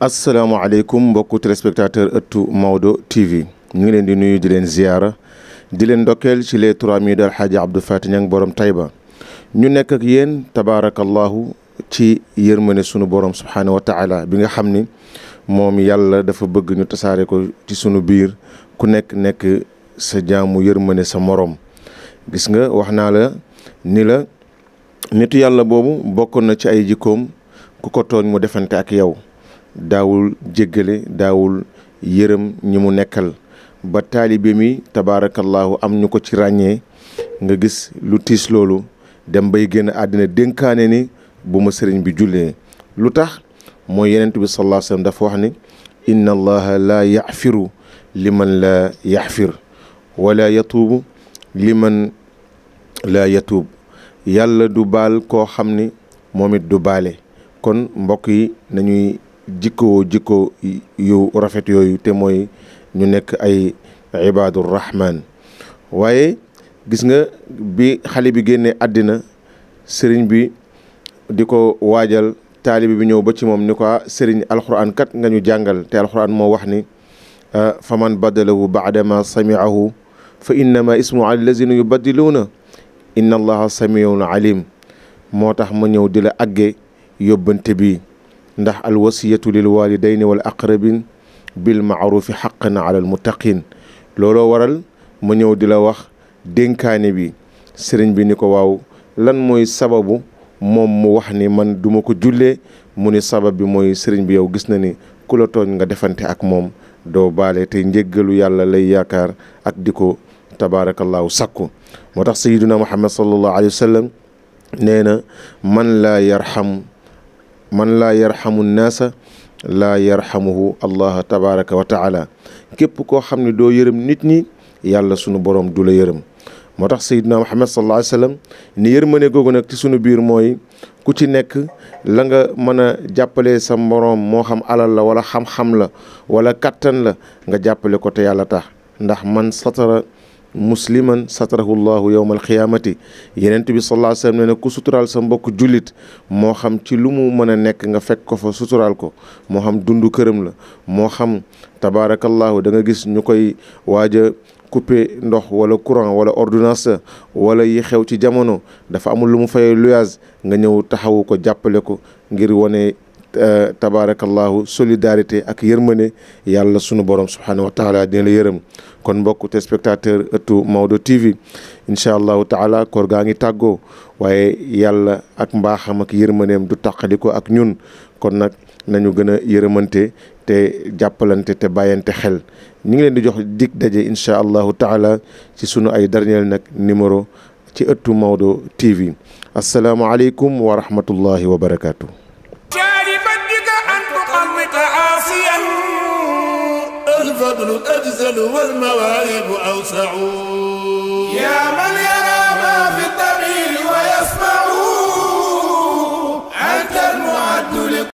asalaamaaleykum mbokku téléspectateur ëttu Maodo TV ñu ngi leen di nuyu di leen ziyaara di leen ndokkeel ci les trois mille daal xaaja Abdou Faty ñu nekk ak yéen tabaarakallahu ci yërmane sunu borom subhaanahu wa taala bi nga xam ni moom yàlla dafa bëgg ñu tasaare ko ci sunu biir ku nekk nekk sa jaamu yërmande sa moroom gis nga wax naa la ni la nitu yàlla boobu bokkoon na ci ay jikkoom ku ko tooñ mu defante ak yow daawul jéggale daawul yërëm ñi mu nekkal ba taalibe mi tabaarakallaahu am ñu ko ci ràññee nga gis lu tiis loolu dem bay génn àddina dénkaane ni bu ma sëriñ bi jullee lu tax mooy yenent bi sallallahu alayhi dafa wax ni inna allaha yafiru liman la yaxfir wala yatuubu liman laa yatuub yàlla du baal koo xam ni moom it du baale kon mbokk yi nañuy jikkoo jikko yu rafet yooyu te mooy ñu nekk ay ibaadu rahmaan waaye gis nga bi xale bi génnee àddina sëriñ bi di ko waajal taalibi bi ñëw ba ci moom ni ko ah, sëriñ alxuraan kat nga ñu jàngal te alxuraan moo wax ni fa man badalahu baadama samiahu fa innama ismu ala lazina yubaddiluuna inna allaha samiun alim moo tax ma ñëw di la agge yóbbante bi ndax alwasiyatu lil walidayni wal aqrabin bil maarufi xaqan ala al muttaqin looloo waral ma ñëw di la wax dénkaane bi sëriñ bi ni ko waaw lan mooy sababu moom mu wax ni man duma ko jullee mu ni sabab bi mooy sëriñ bi yow gis na ni ku la tooñ nga defante ak moom doo baale te njëggalu yàlla lay yaakaar ak di ko tabaarakallaahu sakku moo tax sayiduna muhammad sallallahu alayhi wa sallam nee na man laa yarxam man laa yarxamu naasa laa yarxamuhu allah tabaraka wa taala képp koo xam ne doo yërëm nit ñi yàlla sunu borom du la yërëm moo tax Seydina Muhammad sallallahu alayhi wa sallam ni yërmande googu nag ci sunu biir mooy ku ci nekk la nga mën a jàppale sa mboroom moo xam alal la wala xam-xam la wala kattan la nga jàppale ko te yàlla tax ndax man satara musliman satarahu llahu yowma alqiyaamati yenent bi sallallahu alayhi wa sallam ne ne ku suturaal sa mbokk jullit moo xam ci lu mu mën a nekk nga fekk ko fa suturaal ko moo xam dundu këram la moo xam tabaarakallahu da gis ñu koy coupé ndox wala courant wala ordinance wala yi xew ci jamono dafa amul lu mu fay luyaas nga ñëw taxawu ko jàppale ko ngir wane euh, tabaarakallahu solidarité ak yërmande yàlla sunu borom subhaanahu wa taala dina yërëm kon mbokk te spectateur ëttu Maodo TV incha allahu taala koor gaa ngi tàggoo waaye yàlla ak mbaaxam ak yërmandeem du tàqali ko ak ñun kon nag nañu gën a yërëmante te jàppalante te bàyyante xel ñu ngi leen di jox dig daje incha allahu taala ci sunu ay dernier nag numéro ci ëttu Maodo TV asalaamualeykum wa rahmatullahi wa barakaatu. الفضل أجزل والمواهب أوسع يا